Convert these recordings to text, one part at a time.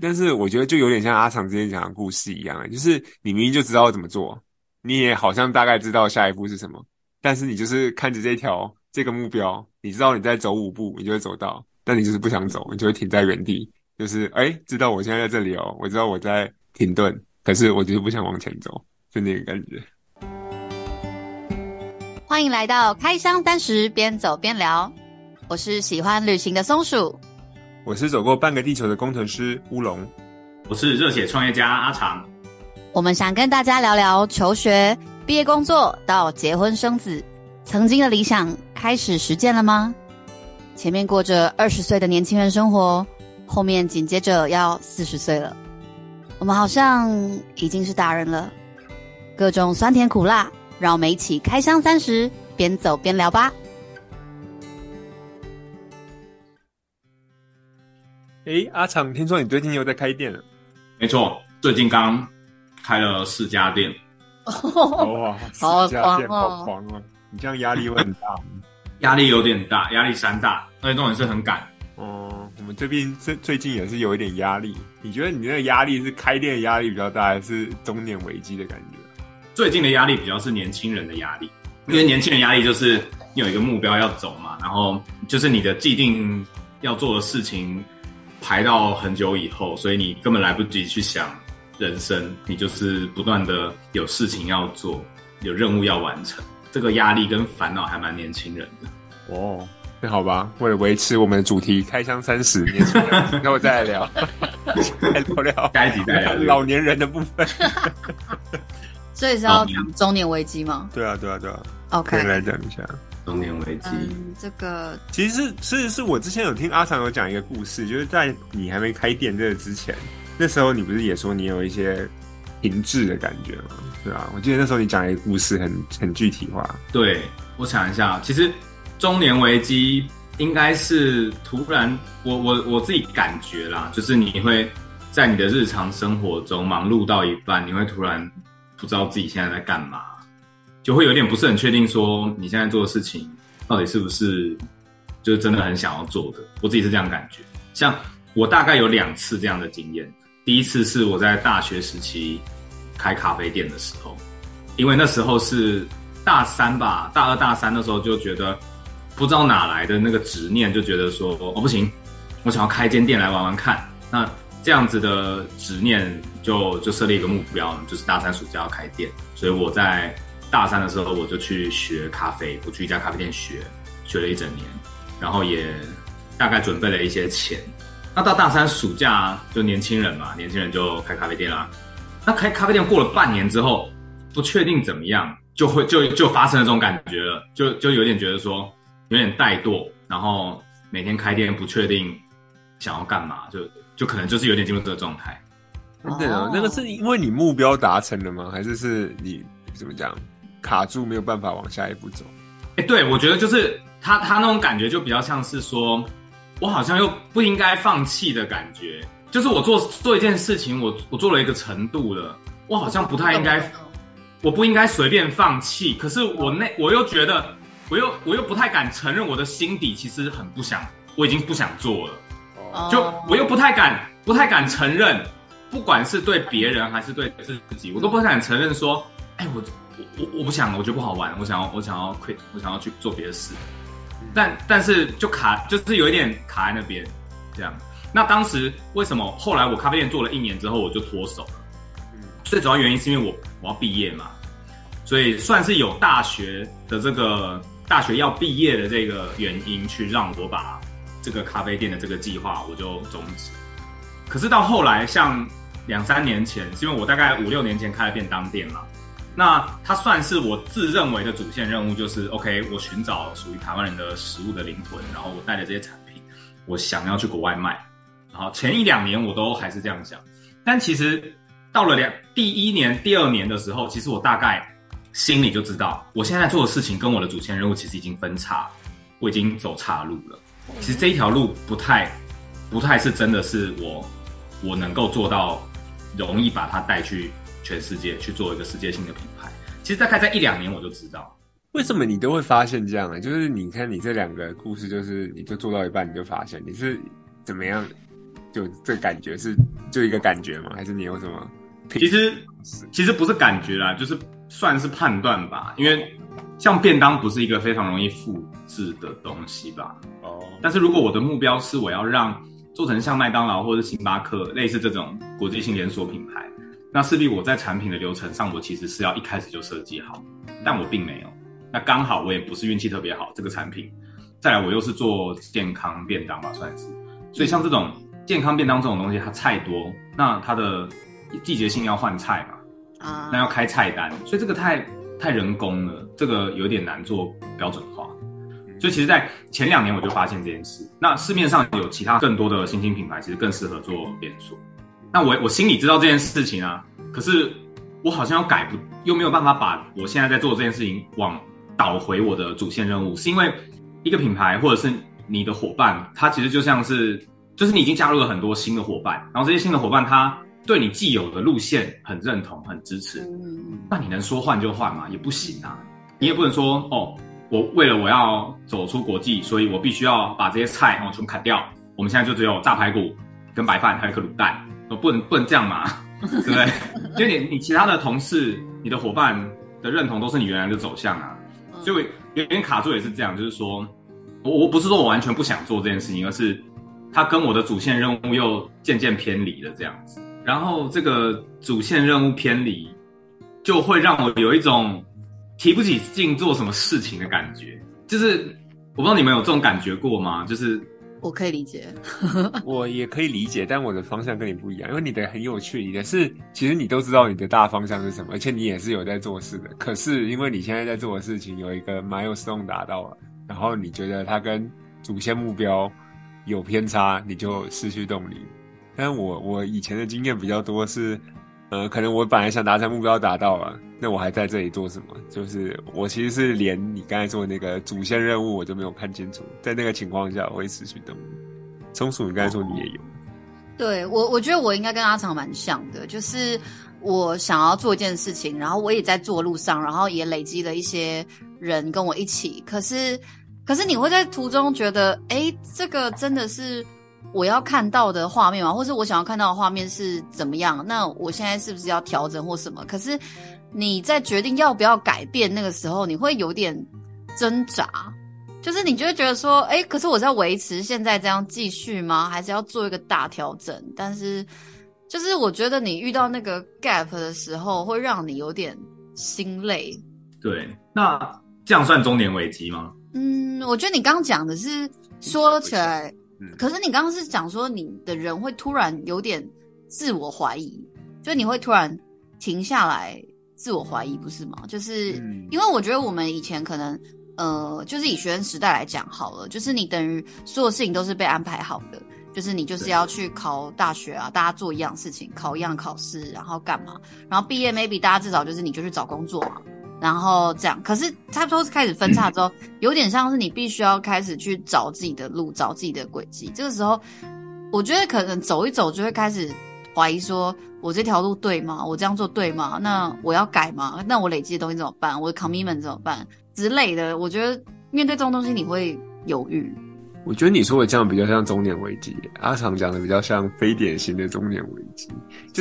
但是我覺得就有點像阿長之前講的故事一樣，就是你明明就知道我怎麼做，你也好像大概知道下一步是什麼，但是你就是看着這條這個目標，你知道你在走五步，你就會走到，但你就是不想走，你就會停在原地，就是誒、欸、知道我現在在這裡哦、喔，我知道我在停頓，可是我就是不想往前走，就那個感覺。歡迎來到開箱單時邊走邊聊，我是喜歡旅行的松鼠。我是走過半個地球的工程師烏龍，我是熱血創業家阿長。我們想跟大家聊聊求學、畢業、工作到結婚生子，曾經的理想開始實踐了嗎？前面過着二十歲的年輕人生活，後面緊接着要四十歲了。我們好像已經是大人了，各種酸甜苦辣，讓我們一起開箱三十，邊走邊聊吧。阿長聽說你最近又在開店了？沒錯，最近剛開了四家店。哇、oh, wow，好狂，哦，好狂，狂啊！你這樣壓力會很大。 壓力有點大，壓力山大。而且重點是很趕。哦、嗯，我們這邊最最近也是有一點壓力。你覺得你那個壓力是開店的壓力比較大，還是中年危機的感覺？最近的壓力比較是年輕人的壓力，因為年輕人壓力就是你有一個目標要走嘛，然後就是你的既定要做的事情。排到很久以後，所以你根本來不及去想人生，你就是不斷的有事情要做，有任務要完成，這個壓力跟煩惱還蠻年輕人的哦。那好吧，為了維持我們的主題，開箱三十，年輕人。 那我再來聊， 再聊聊，該幾再聊老年人的部分， 所以是要講中年危機嗎？對啊，對啊，對啊。對啊 OK，可以來講一下。中年危機、嗯，這個其實是是是我之前有聽阿長有講一個故事，就是在你還沒開店這個之前，那時候你不是也說你有一些停滯的感覺嗎？對吧、啊？我記得那時候你講一個故事很，很很具體化。對，我想一下，其實中年危機應該是突然，我我我自己感覺啦，就是你會在你的日常生活中忙碌到一半，你會突然不知道自己現在在幹嘛。就會有點不是很確定，說你現在做的事情到底是不是就是真的很想要做的？我自己是這樣的感覺。像我大概有兩次這樣的經驗。第一次是我在大學時期開咖啡店的時候，因為那時候是大三吧，大二大三的時候就覺得不知道哪來的那個執念，就覺得說哦不行，我想要開間店來玩玩看。那這樣子的執念就就設立一個目標，就是大三暑假要開店。所以我在。大三的時候我就去學咖啡，我去一家咖啡店學，學了一整年，然後也大概準備了一些錢。那到大三暑假就年輕人嘛，年輕人就開咖啡店啦、啊。那開咖啡店過了半年之後，不確定怎麼樣，就會就就發生了這種感覺了，就就有點覺得說有點怠惰，然後每天開店不確定想要幹嘛，就就可能就是有點進入這個狀態。哦、對啊，那個是因為你目標達成了嗎？還是是你，你怎麼講？卡住沒有辦法往下一步走，哎，對，我覺得就是他他那種感覺就比較像是說，我好像又不應該放棄的感覺，就是我做做一件事情我，我我做了一個程度了，我好像不太應該，我不應該隨便放棄。可是我那我又覺得，我又我又不太敢承認，我的心底其實很不想，我已經不想做了，就我又不太敢不太敢承認，不管是對別人還是對自己，我都不太敢承認說，哎，我。我我不想了，我覺得不好玩。我想要，我想要 quit，我想要去做別的事但。但但是就卡，就是有一點卡在那邊，這樣。那當時為什麼後來我咖啡店做了一年之後我就脫手了？最主要原因是因為我我要畢業嘛，所以算是有大學的這個大學要畢業的這個原因，去讓我把這個咖啡店的這個計劃我就終止。可是到後來，像兩三年前，是因為我大概五六年前開了便當店嘛。那它算是我自認為的主線任務，就是 OK，我尋找屬於台灣人的食物的靈魂，然後我帶的這些產品，我想要去國外賣。然後前一兩年我都還是這樣想，但其實到了兩第一年、第二年的時候，其實我大概心裡就知道，我現在做的事情跟我的主線任務其實已經分叉，我已經走岔路了。嗯、其實這一條路不太、不太是真的是我我能夠做到，容易把它帶去。全世界去做一個世界性的品牌，其實大概在一兩年我就知道。為什麼你都會發現這樣呢、欸？就是你看你這兩個故事，就是你就做到一半你就發現你是怎麼樣，就這感覺，是就一個感覺嗎？還是你有什麼？其實其實不是感覺啦，就是算是判斷吧。因為像便當不是一個非常容易複製的東西吧？哦、呃。但是如果我的目標是我要讓做成像麥當勞或者星巴克類似這種國際性連鎖品牌，那勢必我在產品的流程上，我其實是要一開始就設計好，但我並沒有。那剛好我也不是運氣特別好，這個產品，再來我又是做健康便當吧，算是。所以像這種健康便當這種東西，它菜多，那它的季節性要換菜嘛，啊，那要開菜單，所以這個太，太人工了，這個有點難做標準化。所以其實在前兩年我就發現這件事。那市面上有其他更多的新興品牌，其實更適合做連鎖。那我我心裡知道這件事情啊，可是我好像要改不，又沒有辦法把我現在在做這件事情往倒回我的主線任務，是因為一個品牌或者是你的夥伴，他其實就像是，就是你已經加入了很多新的夥伴，然後這些新的伙伴他對你既有的路線很認同、很支持，那你能說換就換嗎？也不行啊，你也不能說哦，我為了我要走出國際，所以我必須要把這些菜哦全部砍掉，我們現在就只有炸排骨跟白飯，還有一顆滷蛋。不能不能這樣嘛，對不對？ 因為你你其他的同事、你的夥伴的認同都是你原來的走向啊，嗯，所以我有點卡住也是這樣，就是說，我我不是說我完全不想做這件事情，而是他跟我的主線任務又漸漸偏離了這樣子，然後這個主線任務偏離，就會讓我有一種提不起勁做什麼事情的感覺，就是我不知道你們有這種感覺過嗎？就是。我可以理解 ，我也可以理解，但我的方向跟你不一樣。因為你的很有趣，你的是其實你都知道你的大方向是什麼，而且你也是有在做事的。可是因為你現在在做的事情有一個 milestone 達到了，然後你覺得它跟主線目標有偏差，你就失去動力。但我我以前的經驗比較多是，呃，可能我本來想達成目標達到了。那我還在這裡做什麼？就是我其實是連你剛才說的的那個主線任務我就沒有看清楚，在那個情況下我會持續等。松鼠你剛才說你也有，oh. 對，我我覺得我應該跟阿長蠻像的，就是我想要做一件事情，然後我也在做路上，然後也累積了一些人跟我一起。可是可是你會在途中覺得，哎，這個真的是我要看到的畫面嗎？或是我想要看到的畫面是怎麼樣？那我現在是不是要調整或什麼？可是。你在決定要不要改變那個時候，你會有點掙扎，就是你就會覺得說，哎、欸，可是我在維持現在這樣繼續嗎？還是要做一個大調整？但是，就是我覺得你遇到那個 gap 的時候，會讓你有點心累。對，那這樣算中年危機嗎？嗯，我覺得你剛剛講的是說起來，嗯、可是你剛剛是講說你的人會突然有點自我懷疑，就你會突然停下來。自我懷疑不是嗎？就是因為我覺得我們以前可能，呃，就是以學生時代來講好了，就是你等於所有事情都是被安排好的，就是你就是要去考大學啊，大家做一樣事情，考一樣考試，然後幹嘛？然後畢業 maybe 大家至少就是你就去找工作嘛。然後這樣。可是差不多開始分叉之後，有點像是你必須要開始去找自己的路，找自己的軌跡。這個時候，我覺得可能走一走就會開始懷疑說。我這條路對嗎？我這樣做對嗎？那我要改嗎？那我累積的東西怎麼辦？我的 commitment 怎麼辦之類的？我覺得面對這種東西，你會猶豫。我覺得你說的這樣比較像中年危機，阿常講的比較像非典型的中年危機。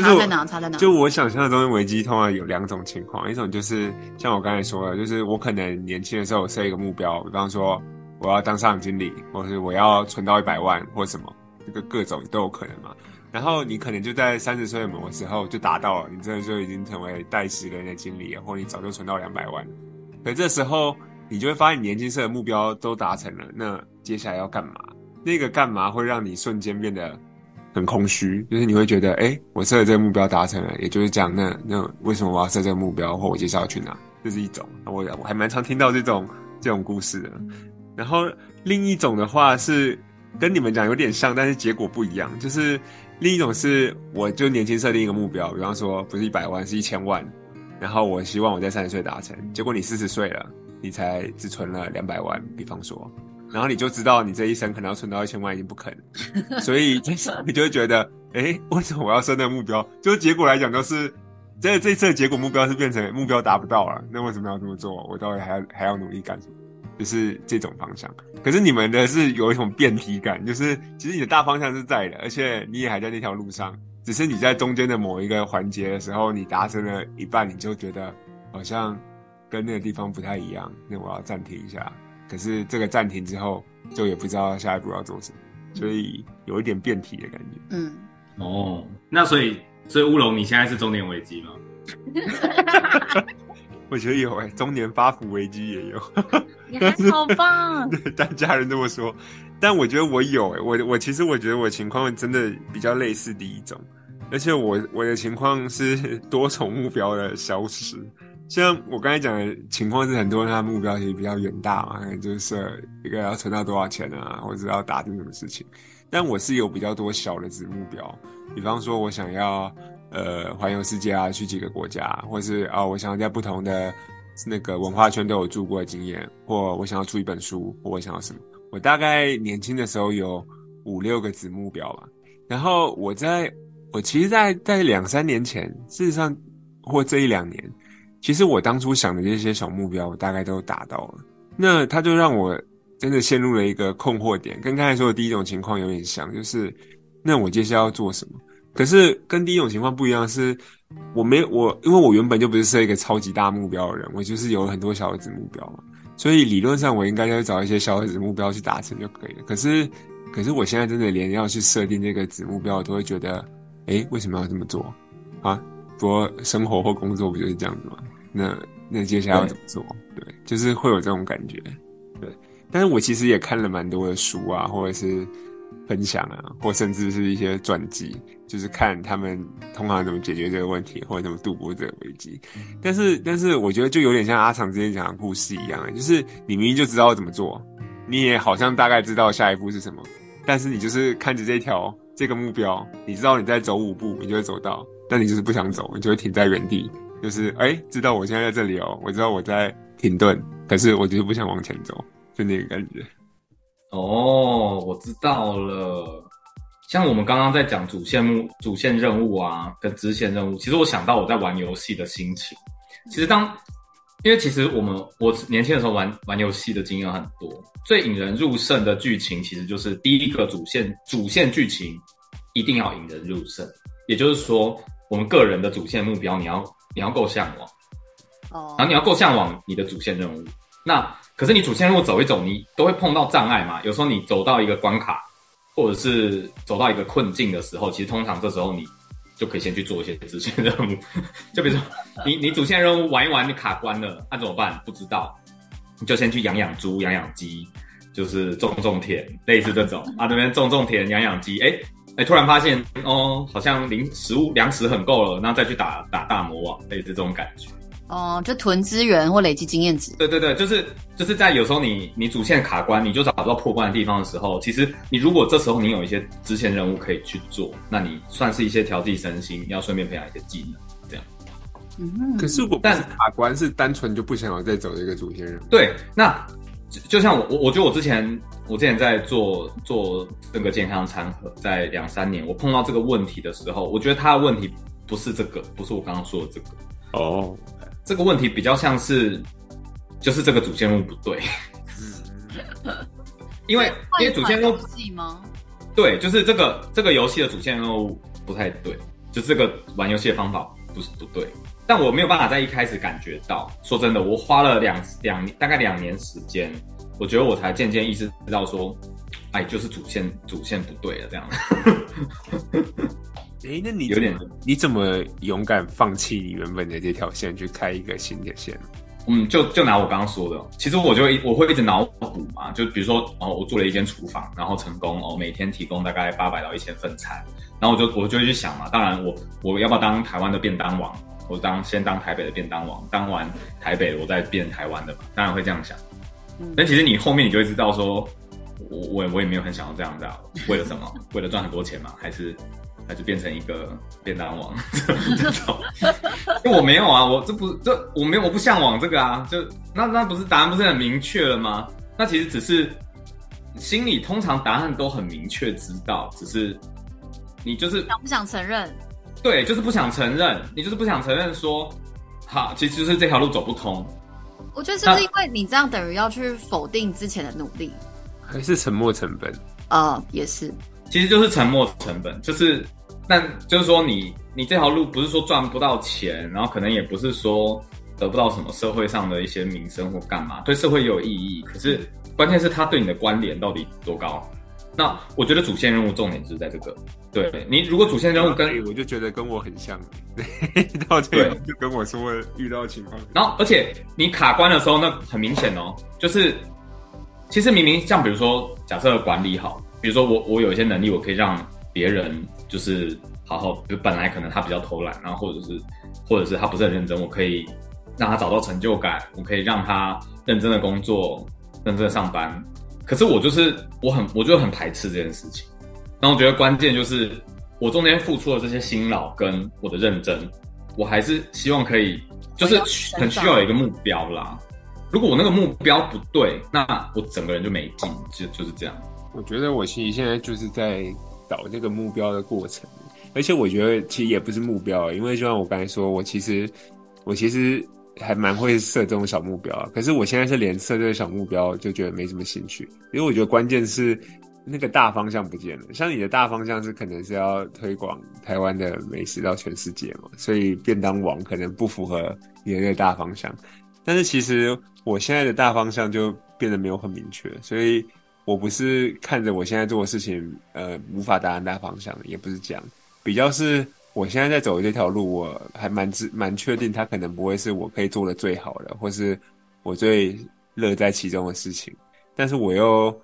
差在哪？差在哪？就我想象的中年危機，通常有兩種情況，一種就是像我剛才說的，就是我可能年輕的時候我設一個目標，比方說我要當上經理，或是我要存到一百萬，或什麼，這個各種都有可能嘛。然後你可能就在三十歲某個時候就達到了，你真的就已經成為帶十個人的經理，或你早就存到兩百萬。可這時候你就會發現，你年輕時的目標都達成了，那接下來要幹嘛？那個幹嘛會讓你瞬間變得很空虛？就是你會覺得，哎、欸，我設的這個目標達成了，也就是講，那那為什麼我要設這個目標，或我接下來要去哪？這是一種，我我還蠻常聽到這種這種故事的。然後另一種的話是跟你們講有點像，但是結果不一樣，就是。另一種是，我就年輕設定一個目標，比方說不是一百萬，是一千萬，然後我希望我在三十歲達成。結果你四十歲了，你才只存了兩百萬，比方說，然後你就知道你這一生可能要存到一千萬已經不可能，所以就你就會覺得，哎、欸，為什麼我要設的目標？就是結果來講，就是在這這次的結果目標是變成目標達不到了，那為什麼要這麼做？我到底還要還要努力幹什麼？就是這種方向，可是你們的是有一種變體感，就是其實你的大方向是在的，而且你也還在那條路上，只是你在中間的某一個環節的時候，你達成了一半，你就覺得好像跟那個地方不太一樣，那我要暫停一下。可是這個暫停之後，就也不知道下一步要做什麼，所以有一點變體的感覺。嗯，哦，那所以所以烏龍，你現在是中年危機嗎？ 我覺得有誒、欸，中年發福危機也有。你還是好棒！對， 但家人這麼說，但我覺得我有誒、欸，我我其實我覺得我情況真的比較類似第一種，而且我我的情況是多重目標的消失。像我剛才講的情況是，很多人他的目標其實比較遠大嘛，就是一個要存到多少錢啊，或者要達成什麼事情。但我是有比較多小的子目標，比方說我想要。呃，環遊世界啊，去幾個國家，啊，或是啊，哦，我想要在不同的那個文化圈都有住過的經驗，或我想要出一本書，或我想要什麼。我大概年輕的時候有五六個子目標吧。然後我在，我其實，在在兩三年前，事實上或這一兩年，其實我當初想的這些小目標，我大概都達到了。那它就讓我真的陷入了一個困惑點，跟剛才說的第一種情況有點像，就是那我接下來要做什麼？可是跟第一種情況不一樣是是我沒我，因為我原本就不是設一個超級大目標的人，我就是有很多小的子目標嘛，所以理論上我應該要找一些小的子目標去達成就可以了。可是，可是我現在真的連要去設定這個子目標，我都會覺得，哎、欸，為什麼要這麼做啊？不過生活或工作不就是這樣子嗎？那那接下來要怎麼做？對。對，就是會有這種感覺，對。但是我其實也看了蠻多的書啊，或者是分享啊，或甚至是一些傳記。就是看他們通常怎麼解決這個問題，或者怎麼度過這個危機。但是，但是我覺得就有點像阿長之前講的故事一樣，就是你明明就知道怎麼做，你也好像大概知道下一步是什麼，但是你就是看着這條這個目標，你知道你在走五步，你就會走到，但你就是不想走，你就會停在原地，就是誒、欸，知道我現在在這裡哦、喔，我知道我在停頓，可是我就是不想往前走，就那個感覺。哦，我知道了。像我們剛剛在講主線目、主線任務啊，跟支線任務，其實我想到我在玩遊戲的心情。其實當，因為其實我們我年輕的時候玩玩遊戲的經驗很多，最引人入勝的劇情其實就是第一個主線主線劇情一定要引人入勝。也就是說，我們個人的主線目標，你要你要夠向往，哦、oh，然後你要夠向往你的主線任務。那可是你主線任務走一走，你都會碰到障礙嘛。有時候你走到一個關卡。或者是走到一個困境的時候，其實通常這時候你就可以先去做一些支線任務， 就比如說你你主線任務玩一玩你卡關了，那、啊、怎麼辦？不知道，你就先去養養豬、養養雞，就是種種田，類似這種啊，那邊種種田、養養雞，哎、欸、哎、欸，突然發現哦，好像零食物糧食很夠了，那再去打打大魔王，類似這種感覺。哦，就囤資源或累積經驗值。對對對，就是就是在有時候你你主線卡關，你就找不到破關的地方的時候，其實你如果這時候你有一些支線任務可以去做，那你算是一些調劑身心，你要順便培養一些技能，這樣。嗯，可是我不是卡關，但是單純就不想要再走這個主線任務。對，那就像我我我覺得我之前我之前在做做那個健康餐盒，在兩三年，我碰到這個問題的時候，我覺得他的問題不是這個，不是我剛剛說的這個。哦。這個問題比較像是，就是這個主線路不對，嗯、因為因為主線路對，就是這個這個遊戲的主線路不太對，就是、這個玩遊戲的方法不是不對，但我沒有辦法在一開始感覺到。說真的，我花了兩兩大概兩年時間，我覺得我才漸漸意識到說，哎，就是主線主線不對了這樣。 哎，那你有點，你怎麼勇敢放棄你原本的這條線，去開一個新的線？嗯，就就拿我剛剛說的，其實我就我會一直腦補嘛，就比如說，哦，我做了一間廚房，然後成功哦，每天提供大概八百到一千份餐，然後我就我就會去想嘛，當然我我要不要當台灣的便當王？我當先當台北的便當王，當完台北，我再變台灣的嘛。當然會這樣想。嗯，但其實你後面你就會知道說，說我我也，我也沒有很想要這樣的，為了什麼？ 為了賺很多錢嘛？還是？那就變成一個便當王這種， 因為我沒有啊，我這不這我沒有，我不嚮往這個啊。就那那不是答案不是很明確了嗎？那其實只是心裡通常答案都很明確，知道只是你就是想不想承認？對，就是不想承認，你就是不想承認說，好，其實就是這條路走不通。我覺得是不是因為你這樣等於要去否定之前的努力，還是沉沒成本啊、呃？也是。其實就是沉沒成本，就是，但就是說你你這條路不是說賺不到錢，然後可能也不是說得不到什麼社會上的一些名聲或幹嘛，對社會也有意義。可是關鍵是他對你的關聯到底多高？那我覺得主線任務重點是在這個。對，你如果主線任務跟我就覺得跟我很像，對，到這就跟我說遇到情況。然後而且你卡關的時候，那很明顯哦，就是其實明明像比如說假設管理好。比如說我我有一些能力，我可以讓別人就是好好，就本來可能他比較偷懶，然後或者是或者是他不是很認真，我可以讓他找到成就感，我可以讓他認真的工作，認真的上班。可是我就是我很我就很排斥這件事情。然後我覺得關鍵就是我中間付出的這些辛勞跟我的認真，我還是希望可以就是很需要有一個目標啦。如果我那個目標不對，那我整個人就沒勁，就就是這樣。我覺得我其實現在就是在找那個目標的過程，而且我覺得其實也不是目標，因為就像我剛才說，我其實我其實還蠻會設這種小目標，可是我現在是連設這個小目標就覺得沒什麼興趣，因為我覺得關鍵是那個大方向不見了。像你的大方向是可能是要推廣台灣的美食到全世界嘛，所以便當王可能不符合你的那個大方向，但是其實我現在的大方向就變得沒有很明確，所以。我不是看着我現在做的事情，呃，無法達成大方向的，也不是這樣。比較是我現在在走的這條路，我還蠻知、蠻確定，它可能不會是我可以做的最好的，或是我最樂在其中的事情。但是我又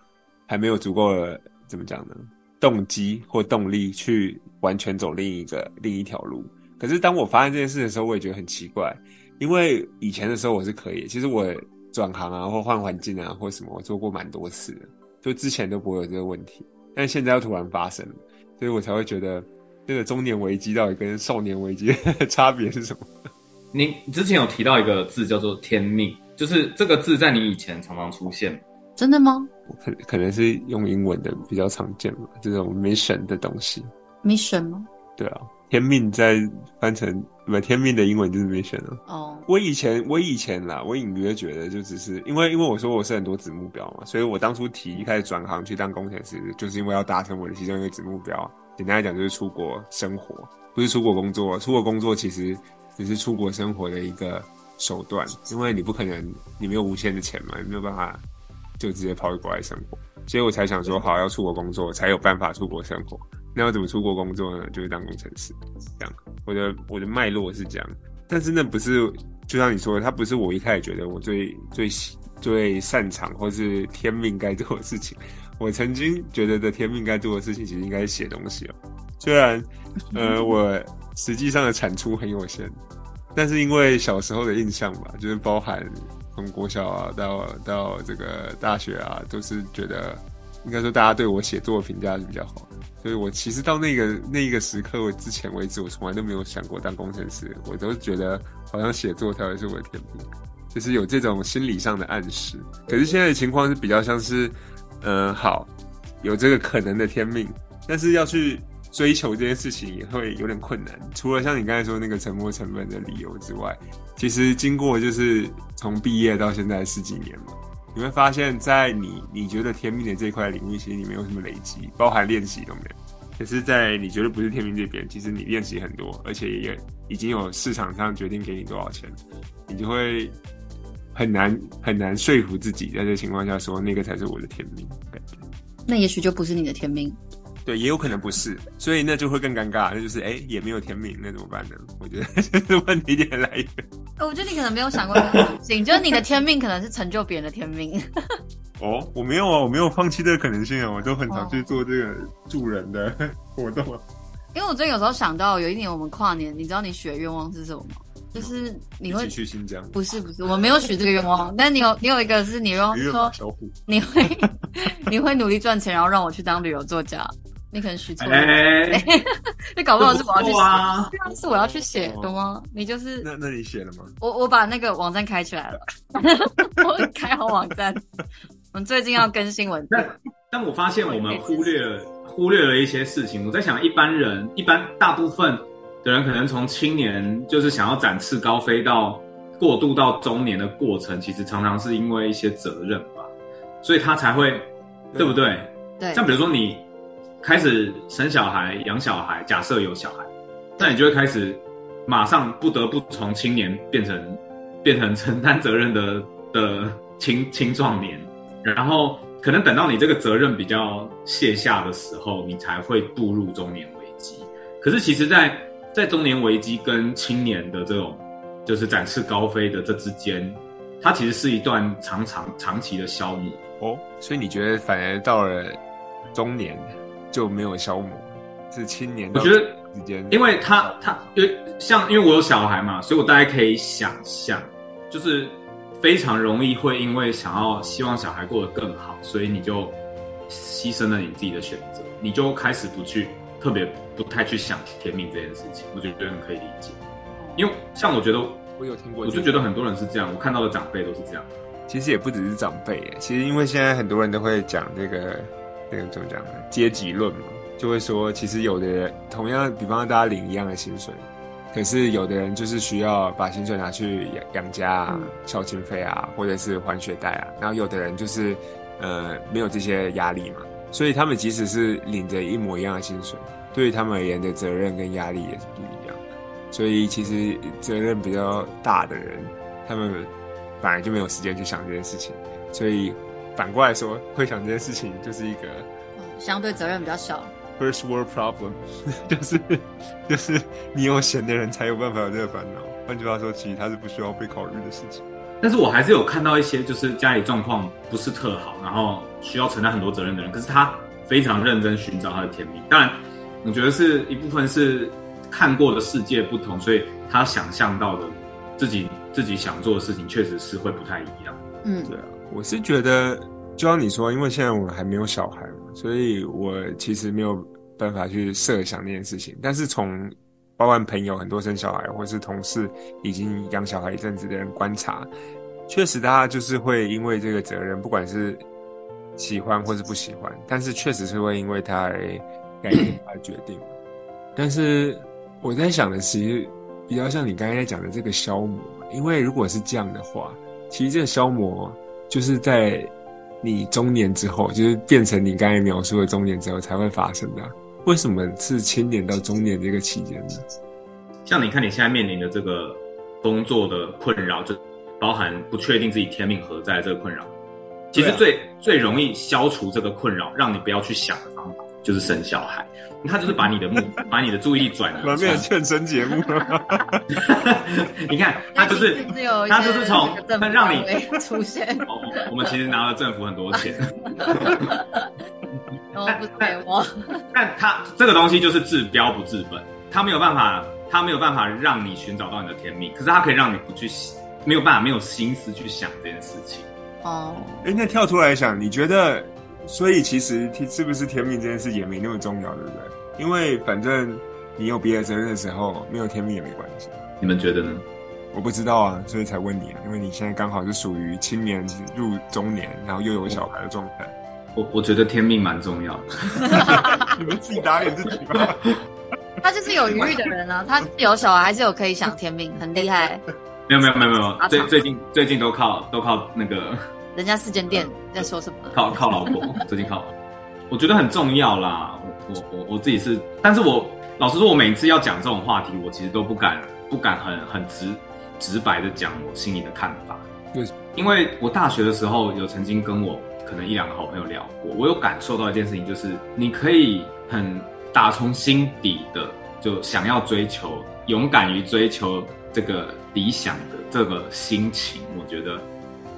還沒有足夠的怎麼講呢？動機或動力去完全走另一個另一條路。可是當我發現這件事的時候，我也覺得很奇怪，因為以前的時候我是可以，其實我轉行啊，或換環境啊，或什麼，我做過蠻多次的。就之前都不會有這個問題，但現在又突然發生了，所以我才會覺得這個中年危機到底跟少年危機的差別是什麼？你之前有提到一個字叫做“天命”，就是這個字在你以前常常出現，真的嗎？可能可能是用英文的比較常見吧，這種 mission 的東西，Mission 嗎？對啊。天命在翻成，不、嗯，天命的英文就是沒選 mission 了。哦、oh.，我以前，我以前啦，我隱約覺得就只是因為，因為我說我是很多子目標嘛，所以我當初提一開始轉行去當工程師，就是因為要達成我的其中一個子目標。簡單來講，就是出國生活，不是出國工作。出國工作其實只是出國生活的一個手段，因為你不可能，你沒有無限的錢嘛，你沒有辦法就直接跑去國外生活，所以我才想說，好，要出國工作，才有辦法出國生活。那要怎麼出國工作呢？就是當工程師，這樣。我的我的脈絡是這樣，但是那不是，就像你說的，它不是我一開始覺得我最最最擅長，或是天命該做的事情。我曾經覺得的天命該做的事情，其實應該是寫東西哦。雖然呃，我實際上的產出很有限，但是因為小時候的印象吧，就是包含從國小啊到到這個大學啊，都是覺得，應該說大家對我寫作的評價是比較好。所以，我其實到那個那一個時刻，我之前為止，我從來都沒有想過當工程師，我都覺得好像寫作才會是我的天命，就是有這種心理上的暗示。可是現在的情況是比較像是，嗯、呃，好，有這個可能的天命，但是要去追求這件事情也會有點困難。除了像你剛才說那個沉沒成本的理由之外，其實經過就是從畢業到現在十幾年嘛。你會發現，在你你覺得天命的這一塊領域，其實你沒有什麼累積，包含練習都沒有。可是，在你覺得不是天命這邊，其實你練習很多，而且也已經有市場上決定給你多少錢，你就會很難很難說服自己，在這情況下說那個才是我的天命。那也許就不是你的天命。對，也有可能不是，所以那就會更尷尬。那就是哎、欸，也沒有天命，那怎麼辦呢？我覺得這是問題點來源。我覺得你可能沒有想過，行，就是你的天命可能是成就別人的天命。哦，我沒有啊、哦，我沒有放棄這個可能性啊、哦，我就很常去做這個助人的活動啊、哦。因為我真的有時候想到，有一年我們跨年，你知道你許的願望是什麼嗎？就是你會去新疆？不是不是，我沒有許這個願望，但你有，你有一個是你說，小虎，你會你會努力賺錢，然後讓我去當旅遊作家。你可能寫錯，欸欸， 你搞不好是我要去寫，對啊，啊，是我要去寫，懂嗎？你就是那，那你寫了嗎？我我把那個網站開起來了， 我開好網站， 我們最近要更新文字但，但我發現我們忽略了、哎、忽略了，一些事情。我在想，一般人一般大部分的人，可能從青年就是想要展翅高飛，到過渡到中年的過程，其實常常是因為一些責任吧，所以他才會，對，對不對？對。像比如說你。開始生小孩、養小孩，假設有小孩，那你就會開始馬上不得不從青年變成變成承擔責任的的青青壯年，然後可能等到你這個責任比較卸下的時候，你才會步入中年危機。可是其實在，在在中年危機跟青年的這種就是展翅高飛的這之間，它其實是一段長長長期的消磨哦。所以你覺得反而到了中年，就沒有消磨，是青年。我覺得因為他他，因為像因為我有小孩嘛，所以我大概可以想象，就是非常容易會因為想要希望小孩過得更好，所以你就犧牲了你自己的選擇，你就開始不去特別不太去想天命這件事情。我就覺得很可以理解，因為像我覺得我有聽過，我就覺得很多人是這樣，我看到的長輩都是這樣。其實也不只是長輩，其實因為現在很多人都會講這個。怎麼講呢？階級論嘛，就會說，其實有的人同樣，比方大家領一樣的薪水，可是有的人就是需要把薪水拿去養養家啊、交學費啊，或者是還學貸啊。然後有的人就是，呃，沒有這些壓力嘛，所以他們即使是領着一模一樣的薪水，對於他們而言的責任跟壓力也是不一樣。所以其實責任比較大的人，他們，本來就沒有時間去想這件事情，所以。反過來說，會想這件事情就是一個相對責任比較小，First world problem，就是就是你有閒的人才有辦法有這個煩惱。換句話說，其實他是不需要被考慮的事情。但是我還是有看到一些，就是家裡狀況不是特好，然後需要承擔很多責任的人，可是他非常認真尋找他的天命。當然，我覺得是一部分是看過的世界不同，所以他想象到的自己自己想做的事情，確實是會不太一樣。嗯，對啊。我是覺得，就像你說，因為現在我還沒有小孩嘛，所以我其實沒有辦法去設想那件事情。但是從包括朋友很多生小孩，或是同事已經養小孩一陣子的人觀察，確實大家就是會因為這個責任，不管是喜歡或是不喜歡，但是確實是會因為他而改變而決定。 但是我在想的其實比較像你剛才講的這個消磨，因為如果是這樣的話，其實這個消磨。就是在你中年之後，就是變成你剛才描述的中年之後才會發生的、啊。為什麼是青年到中年這個期間呢？像你看你現在面臨的這個工作的困擾，就包含不確定自己天命何在的這個困擾。其實最、啊、最容易消除這個困擾，讓你不要去想。就是生小孩，他就是把你的目， 把你的注意力轉轉。沒有健身節目。 你看，他就是，是他就是從他、這個、讓你出現、 哦。我們其實拿了政府很多錢。 但， 但我， 但他， 但他這個東西就是治標不治本，他沒有辦法，他沒有辦法讓你尋找到你的天命，可是他可以讓你不去，沒有辦法，沒有心思去想這件事情。哦，哎、欸，那跳出來想，你覺得？所以其實天是不是天命這件事也沒那麼重要，對不對？因為反正你有別的責任的時候，沒有天命也沒關係。你們覺得呢？我不知道啊，所以才問你啊，因為你現在剛好是屬於青年入中年，然後又有小孩的狀態。我我，我覺得天命蠻重要的。 你們自己打臉自己吧。 他就是有餘裕的人啊，他是有小孩，還是有可以想天命，很厲害。沒 有沒有沒有沒有，最最近最近都靠都靠那個。人家四間店在說什麼？靠靠老婆，最近靠老婆，我覺得很重要啦。我我我自己是，但是我老實說，我每次要講這種話題，我其實都不敢不敢很很直直白的講我心裡的看法。為什麼？因為我大學的時候有曾經跟我可能一兩個好朋友聊過，我有感受到一件事情，就是你可以很打從心底的就想要追求、勇敢於追求這個理想的這個心情，我覺得。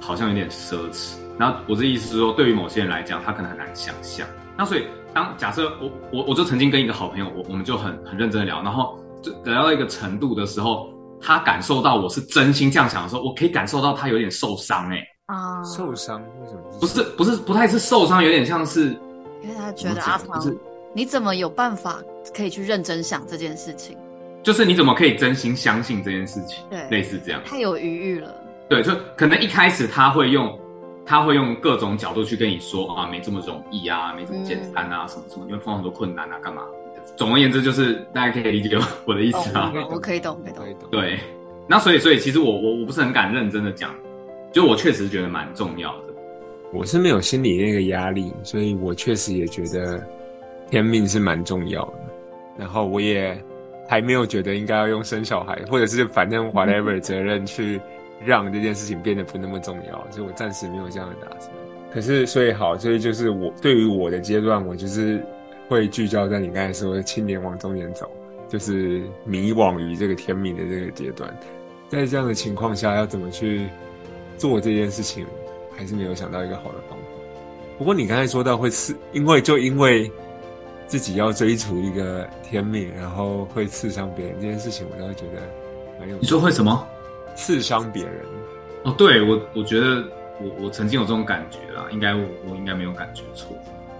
好像有點奢侈，然後我的意思是說，對於某些人來講，他可能很難想象。那所以當，當假設我我我就曾經跟一個好朋友，我我們就很很認真的聊，然後就聊到一個程度的時候，他感受到我是真心這樣想的時候，我可以感受到他有點受傷哎、欸、啊，受傷為什麼？不是不是不太是受傷，有點像是因為他覺得，覺得不是阿湯，你怎麼有辦法可以去認真想這件事情？就是你怎麼可以真心相信這件事情？對，類似這樣，太有餘裕了。對，就可能一開始他會用，他會用各種角度去跟你說啊，沒這麼容易啊，沒這麼簡單啊、嗯，什麼什麼，因為碰到很多困難啊，幹嘛？總而言之，就是大家可以理解我的意思啊。我可以懂，可以懂。對，那所以所以其實我我我不是很敢認真的講，就我確實覺得蠻重要的。嗯，我是沒有心理那個壓力，所以我確實也覺得天命是蠻重要的。然後我也還沒有覺得應該要用生小孩，或者是反正 whatever 責任去、嗯。讓這件事情變得不那麼重要，所以我暫時沒有這樣的打算。可是，所以好，所以就是我對於我的階段，我就是會聚焦在你剛才說的青年往中年走，就是迷惘於這個天命的這個階段。在這樣的情況下，要怎麼去做這件事情，還是沒有想到一個好的方法。不過你剛才說到會刺，因為就因為自己要追逐一個天命，然後會刺傷別人這件事情，我都會覺得有。你說會什麼？刺傷別人？哦，對，我，我覺得我我曾經有這種感覺啦，應該我我應該沒有感覺錯，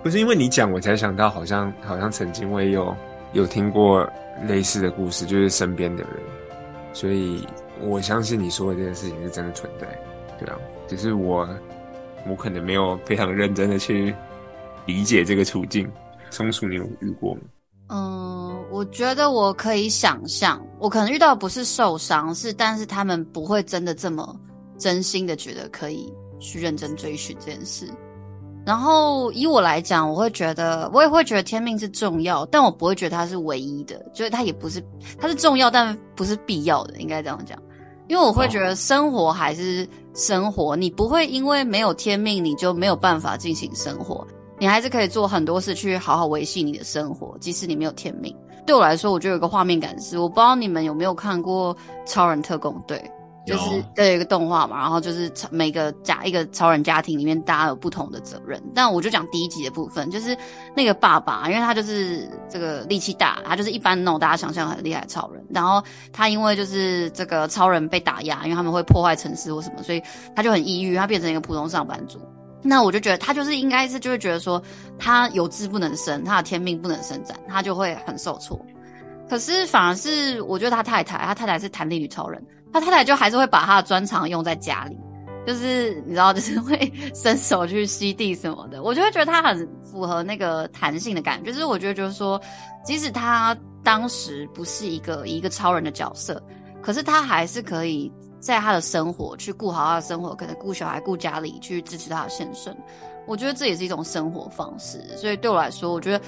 不是因為你講我才想到，好像好像曾經我也有有聽過類似的故事，嗯、就是身邊的人，所以我相信你說的這件事情是真的存在，對啊，只是我我可能沒有非常認真的去理解這個處境。松鼠，你有遇過嗎？嗯，我覺得我可以想象，我可能遇到不是受傷，是但是他們不會真的這麼真心的覺得可以去認真追尋這件事。然後以我來講，我會覺得我也會覺得天命是重要，但我不會覺得它是唯一的，就是它也不是它是重要，但不是必要的，應該這樣講。因為我會覺得生活還是生活，你不會因為沒有天命你就沒有辦法進行生活。你還是可以做很多事去好好維繫你的生活，即使你沒有天命。對我來說，我就有一個畫面感是，是我不知道你們有沒有看過《超人特攻隊》，就是有一個動畫嘛，然後就是每個家一個超人家庭裡面，大家有不同的責任。但我就講第一集的部分，就是那個爸爸，因為他就是這個力氣大，他就是一般那種大家想象很厲害的超人。然後他因為就是這個超人被打壓，因為他們會破壞城市或什麼，所以他就很抑鬱，他變成一個普通上班族。那我就覺得他就是應該是就會覺得說他有志不能伸，他的天命不能伸展，他就會很受挫。可是反而是我覺得他太太，他太太是彈力女超人，他太太就還是會把她的專長用在家裡，就是你知道，就是會伸手去吸地什麼的。我就會覺得他很符合那個彈性的感覺。就是我覺得就是說，即使他當時不是一個一個超人的角色，可是他還是可以。在他的生活去顧好他的生活，可能顧小孩、顧家裡，去支持他的先生。我覺得這也是一種生活方式。所以對我來說，我覺得，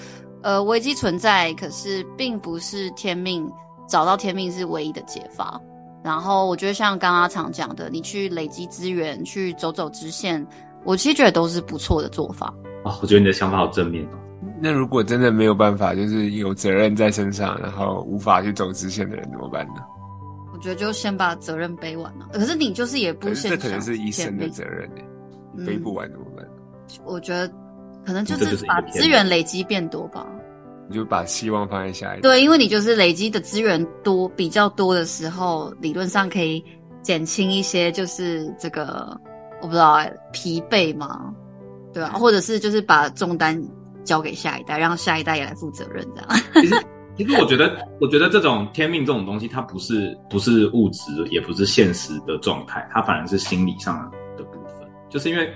呃，危機存在，可是並不是天命。找到天命是唯一的解法。然後我覺得像剛剛阿常講的，你去累積資源，去走走直線，我其實覺得都是不錯的做法。啊、哦，我覺得你的想法好正面哦。那如果真的沒有辦法，就是有責任在身上，然後無法去走直線的人怎麼辦呢？我覺得就先把責任背完了、啊，可是你就是也不，這可能是醫生的責任、欸嗯，背不完怎麼辦？我覺得可能就是把資源累積變多吧，你就把希望放在下一代。對，因為你就是累積的資源多比較多的時候，理論上可以減輕一些，就是這個我不知道、欸、疲憊嘛，對啊，或者是就是把重擔交給下一代，讓下一代也來負責任這樣。其實我覺得，我覺得這種天命這種東西，它不是，不是物質，也不是現實的狀態，它反而是心理上的部分。就是因為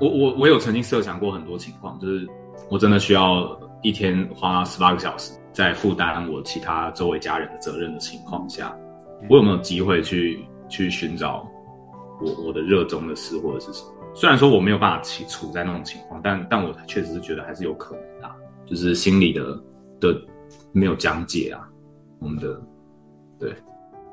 我我我有曾經設想過很多情況，就是我真的需要一天花十八個小時在負擔我其他周圍家人的責任的情況下，我有沒有機會去去尋找我我的熱衷的事或者是什麼？雖然說我沒有辦法去處在那種情況，但但我確實是覺得還是有可能的，啊，就是心理的的。的沒有講解啊，我們的對，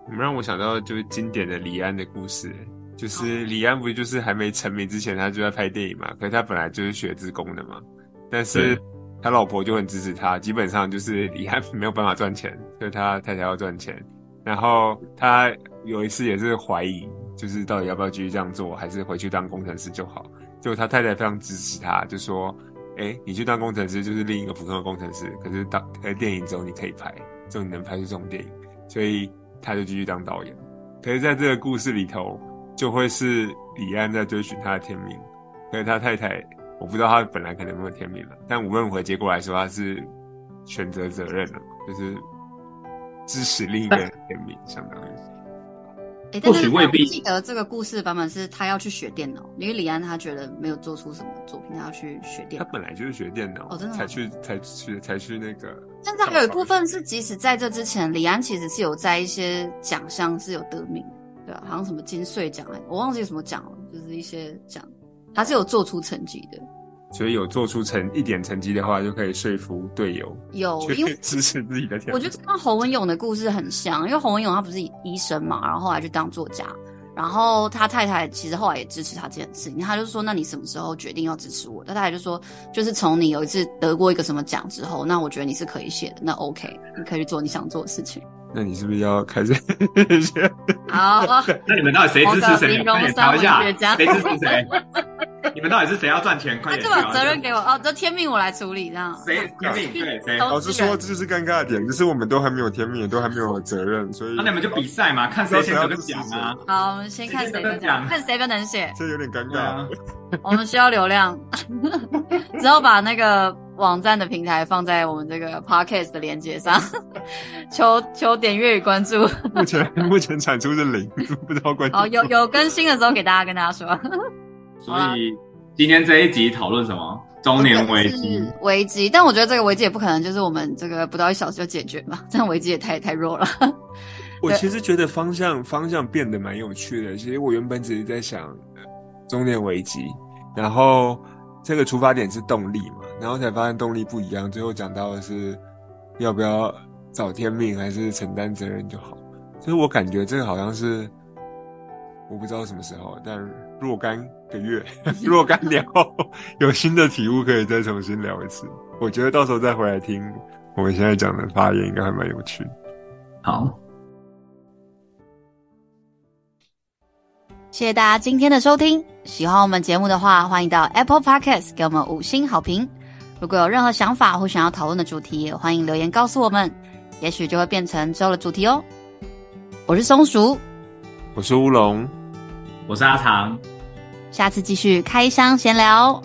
你們讓我想到就是經典的李安的故事，就是李安不就是還沒成名之前他就在拍電影嘛，可是他本來就是學資工的嘛，但是他老婆就很支持他，基本上就是李安沒有辦法賺錢，所以他太太要賺錢，然後他有一次也是懷疑，就是到底要不要繼續這樣做，還是回去當工程師就好，就他太太非常支持他，就說。哎、欸，你去當工程師就是另一個普通的工程師，可是當在電影中你可以拍，就你能拍出這種電影，所以他就繼續當導演。可是在這個故事裡頭，就會是李安在追尋他的天命，可是他太太，我不知道他本來可能沒有天命了，但無論如何結果來說，他是選擇責任了，就是支持另一個人天命，欸、相當於。哎、欸，但是我記得這個故事版本是他要去學電腦，因為李安他覺得沒有做出什麼。作品，他要去學電腦，他本來就是學電腦。哦，真的。才去才去才去那個。現在還有一部分是，即使在這之前，李安其實是有在一些獎項是有得名。對啊，好像什麼金穗獎，我忘記什麼獎了，就是一些獎，他是有做出成績的。所以有做出成一點成績的話，就可以說服隊友，有因為，支持自己的。我覺得跟侯文詠的故事很像，因為侯文詠他不是醫生嘛，然後後來就當作家。然後他太太其實後來也支持他這件事情，他就說：那你什麼時候決定要支持我？他太太就說：就是從你有一次得過一個什麼獎之後，那我覺得你是可以寫的，那 OK，你可以去做你想做的事情。那你是不是要開始？好。 那你們到底誰支誰？你們到底誰支持誰？誰誰 你們到底是誰要賺錢？那 就把責任給我 哦，這天命我來處理這樣。誰天命對誰？老實、哦、說，這就是尷尬的點，就是我們都還沒有天命，都還沒有責任，所以。那、啊、你們就比賽嘛，哦、看誰先得個獎，好，我們先看誰得獎，看誰更能寫。這有點尷尬。啊、 我們需要流量，只 要把那個。網站的平台放在我們這個 podcast 的連結上，求求點閱與關注。目前目前產出是零，不知道關注哦，有有更新的時候給大家跟大家說。所以今天這一集討論什麼？中年危機危機，但我覺得這個危機也不可能就是我們這個不到一小時就解決嘛，這樣危機也太太弱了。我其實覺得方向方向變得蠻有趣的，其實我原本只是在想中年危機，然後。這個出發點是動力嘛，然後才發現動力不一樣。最後講到的是要不要找天命，還是承擔責任就好。所以我感覺這個好像是我不知道什麼時候，但若干個月、 若干年聊後 有新的體悟，可以再重新聊一次。我覺得到時候再回來聽我們現在講的發言，應該還蠻有趣的。好。謝謝大家今天的收聽。喜歡我們節目的話，歡迎到 Apple Podcast 給我們五星好評。如果有任何想法或想要討論的主題，也歡迎留言告訴我們，也許就會變成之後的主題哦。我是松鼠，我是烏龍，我是阿唐，下次繼續開箱閒聊。